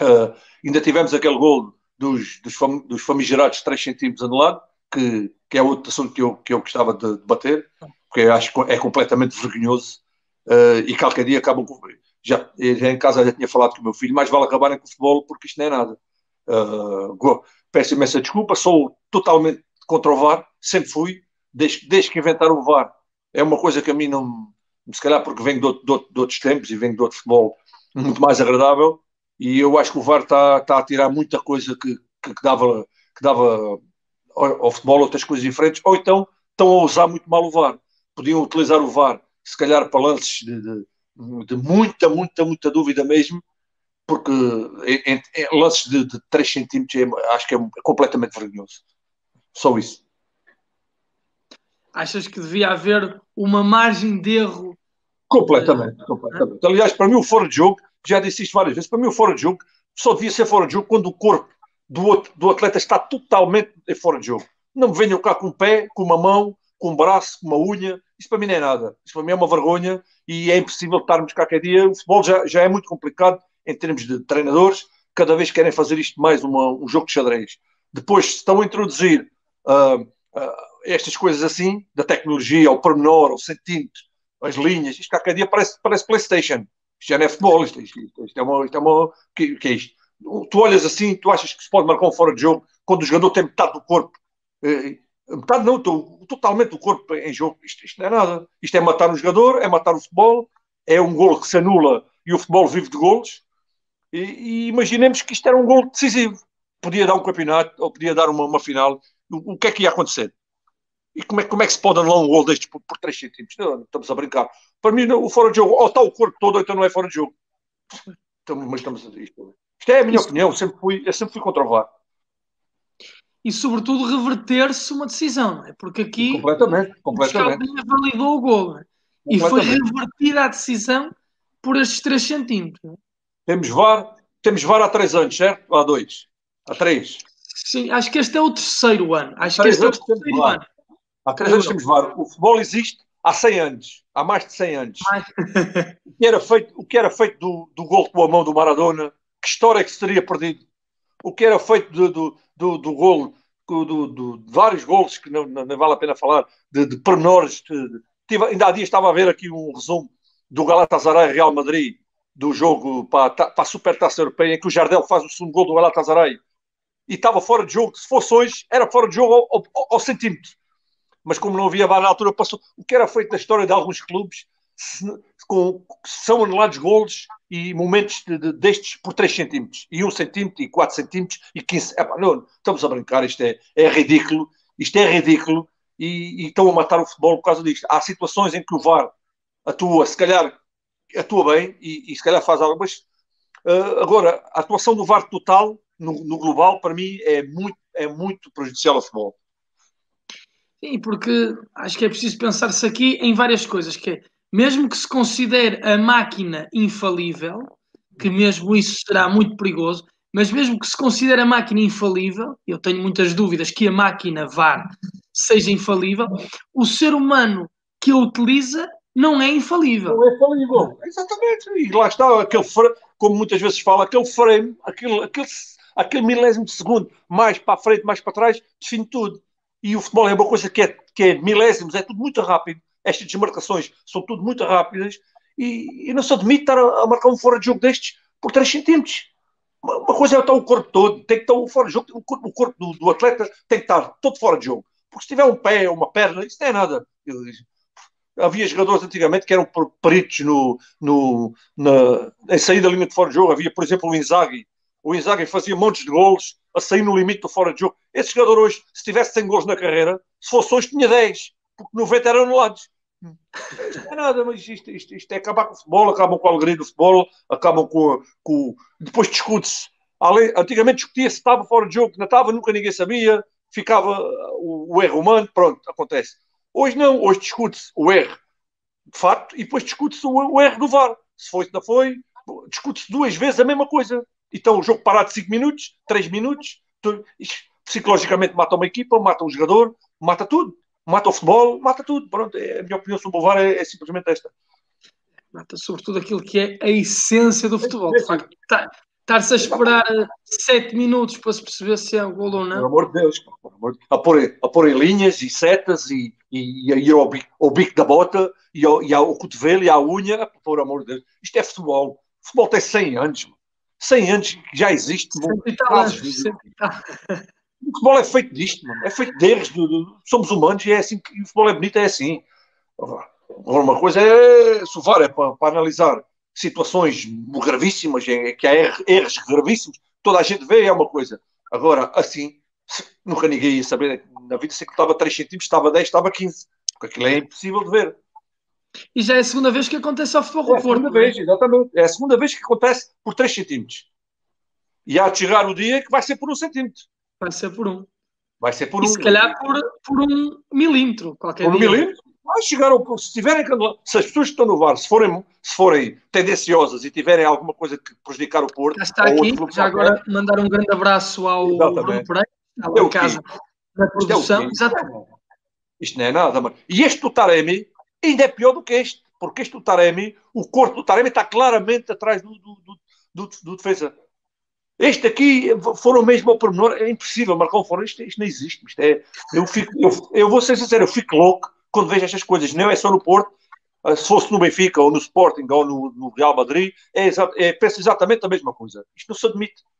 Uh, ainda tivemos aquele gol dos, dos, fam, dos famigerados 3 centímetros anulado, que, que é outro assunto que eu, que eu gostava de debater, porque acho que é completamente vergonhoso uh, e qualquer dia acabam com. Já, já, em casa já tinha falado com o meu filho, mais vale acabarem com o futebol porque isto não é nada. Uh, ah, peço imensa desculpa, sou totalmente contra o VAR, sempre fui, desde, desde que inventaram o VAR. É uma coisa que a mim não. Se calhar porque venho de, outro, de, outro, de outros tempos e venho de outro futebol muito mais agradável, e eu acho que o VAR está tá a tirar muita coisa que, que, que dava, que dava ao, ao, futebol outras coisas diferentes, ou então estão a usar muito mal o VAR. Podiam utilizar o VAR, se calhar, para lances de, de, de muita, muita, muita dúvida mesmo, porque em, em, lances de, de 3 centímetros é, acho que é completamente vergonhoso. Só isso. Achas que devia haver uma margem de erro? Completamente, eh, completamente. Aliás, para mim o fora de jogo já disse isto várias vezes, para mim o fora de jogo só devia ser fora de jogo quando o corpo do, outro, do atleta está totalmente fora de jogo. Não me venham cá com um pé, com uma mão, com um braço, com uma unha, isso para mim não é nada. Isso para mim é uma vergonha e é impossível estarmos cá cada dia. O futebol já, já é muito complicado em termos de treinadores, cada vez querem fazer isto mais uma, um jogo de xadrez. Depois estão a introduzir uh, uh, estas coisas assim, da tecnologia, ao pormenor, ao centímetro, as linhas, isto cá cada dia parece, parece Playstation. Isto já não é futebol, isto, isto, isto é uma. Isto é uma que, que é isto? Tu olhas assim, tu achas que se pode marcar um fora de jogo quando o jogador tem metade do corpo. Eh, metade não, totalmente o corpo em jogo. Isto, isto não é nada. Isto é matar o jogador, é matar o futebol, é um gol que se anula e o futebol vive de golos. E, e, imaginemos que isto era um gol decisivo. Podia dar um campeonato ou podia dar uma, uma final. O, o que é que ia acontecer? E como é, como é que se pode anular um gol deste por, por 3 centímetros? Não, estamos a brincar. Para mim, não, o fora de jogo, ou está o corpo todo, ou então não é fora de jogo. Então, mas estamos a dizer isto. É? Isto é a minha Isso. opinião, eu sempre fui, eu sempre fui contra o VAR. E, sobretudo, reverter-se uma decisão, não é? Porque aqui completamente, completamente. o validou o gol, é? E foi revertida a decisão por estes 3 centímetros. É? Temos VAR, temos VAR há 3 anos, certo? Há 2. Há 3. Sim, acho que este é o terceiro ano. Acho que este é o terceiro ano. Há três anos temos VAR. O futebol existe há 100 anos, há mais de 100 anos. o que era feito, o que era feito do, do gol com a mão do Maradona, que história é que se teria perdido? O que era feito do, do, do, do gol, do, do, de vários golos, que não, não, vale a pena falar, de, de pormenores. tive, ainda há dias estava a ver aqui um resumo do Galatasaray Real Madrid, do jogo para, para a Supertaça Europeia, em que o Jardel faz o segundo gol do Galatasaray e estava fora de jogo. Se fosse hoje, era fora de jogo ao, ao, ao centímetro mas como não havia VAR na altura, passou. O que era feito na história de alguns clubes, se, com, são anulados golos e momentos de, de, destes por 3 centímetros, e 1 centímetro, e 4 centímetros, e 15. Epá, é não, estamos a brincar, isto é, é ridículo, isto é ridículo, e, e estão a matar o futebol por causa disto. Há situações em que o VAR atua, se calhar atua bem, e, e se calhar faz algo, mas uh, agora, a atuação do VAR total, no, no global, para mim, é muito, é muito prejudicial ao futebol Sim, porque acho que é preciso pensar-se aqui em várias coisas, que é, mesmo que se considere a máquina infalível, que mesmo isso será muito perigoso, mas mesmo que se considere a máquina infalível, eu tenho muitas dúvidas que a máquina VAR seja infalível, o ser humano que a utiliza não é infalível. Não é infalível, exatamente. E lá está, aquele frame, como muitas vezes fala, aquele frame, aquele, aquele, aquele milésimo de segundo, mais para a frente, mais para trás, define tudo. E o futebol é uma coisa que é, que é milésimos, é tudo muito rápido. Estas desmarcações são tudo muito rápidas. E, e não se admite estar a, a, marcar um fora de jogo destes por 3 centímetros. Uma, uma coisa é estar o corpo todo, tem que estar o fora de jogo, o corpo, o corpo do, do, atleta tem que estar todo fora de jogo. Porque se tiver um pé ou uma perna, isso não é nada. Eu, havia jogadores antigamente que eram peritos no, no, na, em sair da linha de fora de jogo. Havia, por exemplo, o Inzaghi, o Inzaghi fazia montes de golos a sair no limite do fora de jogo. Esse jogador hoje, se tivesse 100 gols na carreira, se fosse hoje tinha 10, porque 90 eram anulados. Isto é nada, mas isto, isto, isto, é acabar com o futebol, acabam com a alegria do futebol, acabam com. com... Depois discute-se. Antigamente discutia-se estava fora de jogo, não estava, nunca ninguém sabia, ficava uh, o, o erro humano, pronto, acontece. Hoje não, hoje discute-se o erro de facto e depois discute-se o, o erro do VAR. Se foi, se não foi, discute-se duas vezes a mesma coisa. Então o jogo parado de 5 minutos, 3 minutos, tu, psicologicamente mata uma equipa, mata um jogador, mata tudo. Mata o futebol, mata tudo. Pronto, é, a minha opinião sobre o Bovar é, é simplesmente esta. Mata sobretudo aquilo que é a essência do futebol. De facto, tá, estar-se a esperar 7 eh, minutos para se perceber se é um gol ou não. Pelo amor de Deus, amor de... A, pôr, a pôr em linhas e setas e, e, e, e ao, bico, ao bico da bota e ao, e ao cotovelo e à unha, por amor de Deus. Isto é futebol. futebol tem 100 anos. Mano. 100 anos que já existe. Sempre tá, O futebol é feito disto, mano. é feito deles. Do, do, somos humanos e é assim que o futebol é bonito, é assim. Agora, uma coisa é sovar, é para, para analisar situações gravíssimas, é, é, que há erros, erros gravíssimos, toda a gente vê, é uma coisa. Agora, assim, nunca ninguém ia saber. Na vida, sei é que estava 3 centímetros, estava 10, estava 15. Porque aquilo é impossível de ver. E já é a segunda vez que acontece ao Futebol é Porto. É a segunda é? vez, exatamente. É a segunda vez que acontece por 3 centímetros. E há de chegar o dia que vai ser por um centímetro. Vai ser por um. Vai ser por e um. Se calhar por, por um milímetro, qualquer Por um dia. milímetro? Vai chegar ao se tiverem Se as pessoas que estão no VAR, se forem, se forem tendenciosas e tiverem alguma coisa que prejudicar o Porto. Já está aqui, outro, já agora é? mandar um grande abraço ao Bruno Pereira, está lá é em casa, na produção. É Exatamente. Isto não é nada, mano. E este do Taremi, Ainda é pior do que este, porque este do Taremi, o corpo do Taremi está claramente atrás do, do, do, do defesa. Este aqui foram mesmo ao pormenor, é impossível marcar um fora. Isto, isto não existe. Isto é, eu, fico, eu, eu vou ser sincero, eu fico louco quando vejo estas coisas. Não é só no Porto, ah, se fosse no Benfica ou no Sporting ou no, no Real Madrid, é, é penso exatamente a mesma coisa. Isto não se admite.